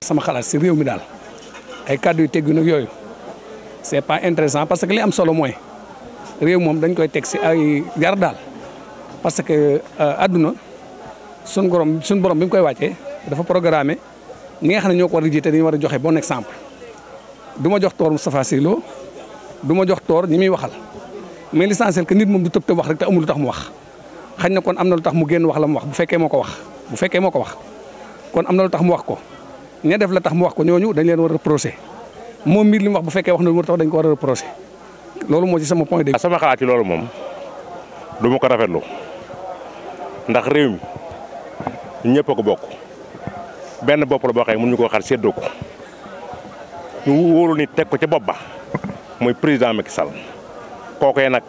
sama xalaat si réew mi daal ay kàddu yu teggu nag yooyu c'est pas intéressant parce que li am solo mooy réew moom dañ koy teg si ay yar daal parce que euh, àdduna sun borom sun borom bi mu koy wàccee dafa programme ñi nga xam ne ñoo ko war a jiite dañu war a joxe bon exemple du ma jox toor Moustapha Sylo du ma jox toor ñi muy waxal mais l'essentiel que nit moom du tëb tëb wax rek te amul tax mu wax xañ na kon am na lu tax mu génn wax la mu wax bu fekkee moo ko wax bu fekkee moo ko wax kon am na lu tax mu wax ko ña def la tax mu wax ko ñooñu dañ leen war a moom miir li mu wax bu fekkee wax na lu war tax dañ ko war a reproché loolu moo ci sama point de ah, sama xalaat ci loolu moom du ma ko rafetlu ndax réew mi ñëpp ko bokk benn bopp la boo xam mu ñu ko xar séddoo ko ñu wóolu ni teg ko ca bopp ba muy président Macky Sall kookee nag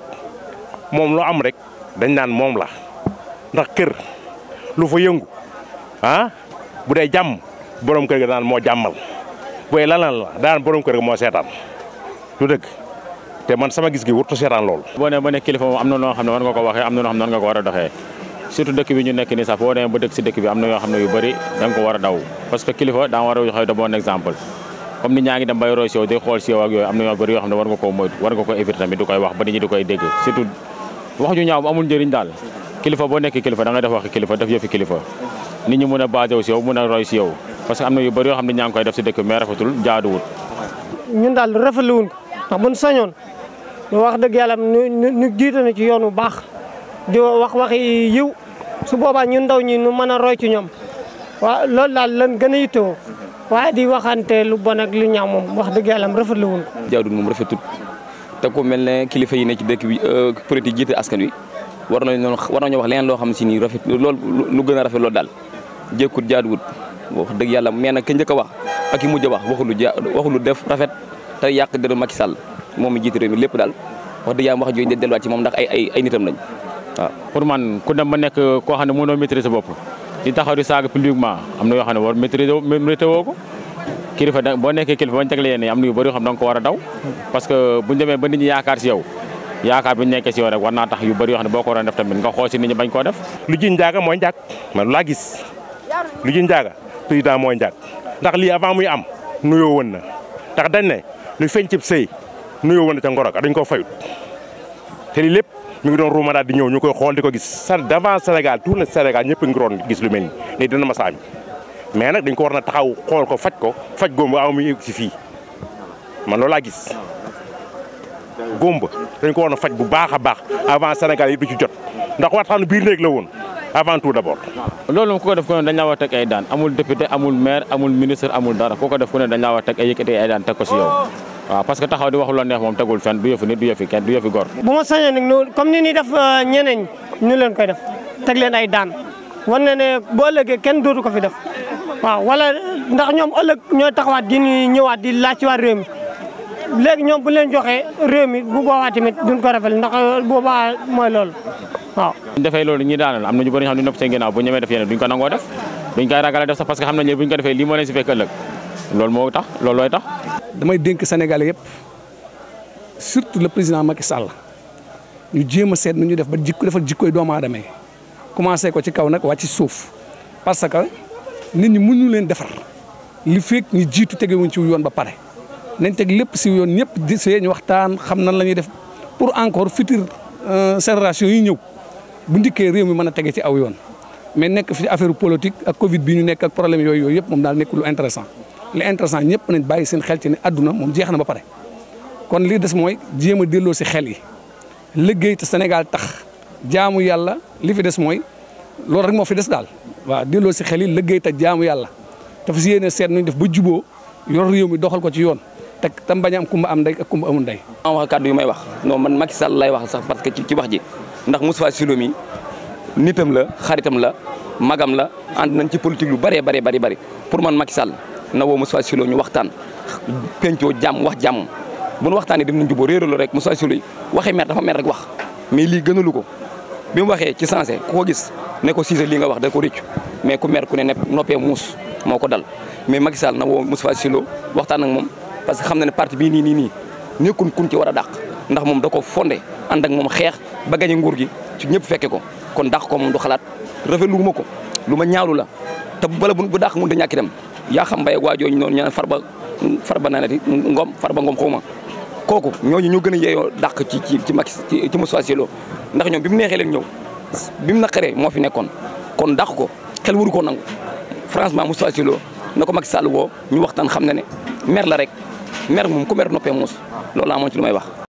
moom loo am rek dañ naan moom la ndax kër lu fa yëngu ah bu dee jàmm. borom kër ga daan moo jàmmal booy lan la daan borom kër moo seetaan lu dëgg te man sama gis gi wurtu seetaan loolu. boo xam ne a doxee surtout dëkk bi ñu nekk bi am xam ne yu bëri da a daw parce que kilifa daa war a joxe de bon ngi dem ba nit ñi di koy dégg surtout wax ju ñaaw amul njëriñ daal kilifa boo nekk kilifa da nga def waxi kilifa def yëfi kilifa nit ñi mën a basé wu si yow mën a roy si yow parce que am na yu bëri yoo xam ne ñaa ngi koy def si dëkk mais ñun daal rafetlu wuñ ko ndax buñ sañoon ñu wax dëgg yàlla ñu ñu ci yoon bu baax di wax waxi yiw su boobaa ñun ndaw ñi ñu mën a roy ci ñoom waa lool daal lan gën a yittewoo waaye di waxante lu bon ak lu ñaaw moom wax dëgg yàlla rafetlu wuñ ko. jaaduwut moom rafetul te ku mel ne kilifa yi ne ci dëkk bi euh, politique jiite askan wi. war noo war nañoo wax leen loo xam si nii rafet loolu lu gën a rafet loolu daal jékkut jaaduwut wax dëgg yàlla mais nag ka njëkk a wax ak i mujj a wax waxulu ja waxulu def rafet yàq dërëm Macky moom mi jiite mi lépp daal wax dëgg yàlla wax moom ndax ay ay ay nitam nekk koo xam ne mënoo maîtriser bopp di taxaw di saaga na yoo xam ne war maîtriser maîtriser woo ko kilifa da boo nekkee kilifa bañ tegle yéen am na yu bëri war a daw parce que buñu demee ba nit ñi yaakaar si yow bi nekkee si rek war naa tax yu bëri xam ne boo ko waroon def tamit nga xool bañ koo def lu ji njaaga mooy njaag man laa gis lu ji njaaga président mooy njàkk ndax lii avant muy am nuyoo woon na ndax dañ ne lu feeñ cib sëy nuyoo woon na ca ngoro ga dañ ko fayut te lii lépp mu ngi doon ruuma daal di ñëw ñu koy xool di ko gis sa devant Sénégal tout le Sénégal ñëpp ngi doon gis lu mel nii ne dina ma saami mais nag dañ ko war na taxaw xool ko faj ko faj góomb aw mi si fii man loolu laa gis góomb dañ ko war na faj bu baax a baax avant Sénégal yi du ci jot ndax waxtaanu biir néeg la woon avant tout d'abord. loolu ku ko def ku ne dañ a teg ay daan amul député amul maire amul ministre amul dara ku ko def ku ne dañ a teg ay yëkkati ay daan teg ko si yow waaw parce que taxaw di wax lu neex moom tegul fenn du yëfu nit du yëfi kenn du yëfi gor. bu ma sañoon nag comme ni ñuy def euh, ñeneen ñu leen ko def teg leen ay daan wan na ne boo ëllëgee kenn dootu ko fi def waaw wala ndax ñoom ëllëg ñoo taxawaat di ñëwaat di laaj waat réew mi léegi ñoom bu leen joxee réew mi bu boobaa tamit duñ ko rafetlu ndax euh, boobaa mooy loolu waaw defee loolu ñi daanal am na ñu bëri ñoo xam ne nopp seen ginnaaw bu ñemee def yeneen duñ ko nangoo def buñ ko defee lii moo leen si fekk ëllëg loolu moo tax loolu looy tax damay dénk Sénégalais yëpp surtout le président Macky Sall ñu jéem a seet nu ñu def ba jikko defal jikkoy doomu aadama yi commencé ko ci kaw nag waa ci suuf parce que nit ñi mënuñu leen defar li fekk ñu jiitu tegewuñ ci yoon ba pare nañ teg lépp si yoon ñëpp di see ñu waxtaan xam nan la ñuy def pour encore future euh, génération yi ñëw bu ndikkee réew mi mën a tege ci aw yoon mais nekk fi affaire politique ak Covid bi ñu nekk ak problème yooyu yooyu yëpp moom daal nekk lu intéressant li intéressant ñëpp nañ bàyyi seen xel ci ne adduna moom jeex na ba kon li des mooy jéem a delloo si xel yi liggéey te Sénégal tax jaamu yàlla li fi des mooy loolu rek moo fi des daal waaw delloo si xel yi liggéey te jaamu yàlla dafa si yéene seet nuñ def ba juboo yor réew mi doxal ko ci yoon te tam bañ a am kumba am ndey ak kumba amul ndey. ma wax kàddu yu may wax non man Macky Sall lay wax sax parce que ci wax ji. ndax Moustapha Cissé Lo mi nitam la xaritam la magam la ànd nañ ci politique lu bëree bëri bëri bëri pour man Macky Sall na woo Moustapha Cissé Lo ñu waxtaan pencoo jàmm wax jàmm bu nu waxtaanee dem nañ jubóo réeraloo rek Moustapha Cissé Lo waxe mer dafa mer rek wax mais lii gënalu ko bi mu waxee ci sensé ko gis ne ko Cissé lii nga wax da ko rëccu mais ku mer ku ne noppee muus moo ko dal mais Macky Sall na woo Moustapha Cissé Lo waxtaan ak moom parce que xam na ne parti bii nii nii nii nekkun kun ci war a dàq ndax moom da ko fondé ànd ak moom xeex ba gañe nguur gi ci ñëpp fekke ko kon dàq ko moom du xalaat rafetlu ma ko lu ma ñaawlu la te bala bu dàq mun ta ñàkk itam yaa xam mbay ak waa jooju noonu ñaan farba farba naa ne ngom farba ngom xaw ma kooku ñooñu ñoo gën a yeeyoo dàq ci ci ci Macky ci Moustapha Cissé Lo ndax ñoom bi mu neexee leen ñëw bi mu naqaree moo fi nekkoon kon dàq ko xel waru ko nangu franchement Moustapha Cissé Lo na ko Macky Sall woo ñu waxtaan xam ne ne mer la rek mer moom ku mer noppee muus loolu laa moom ci lu may wax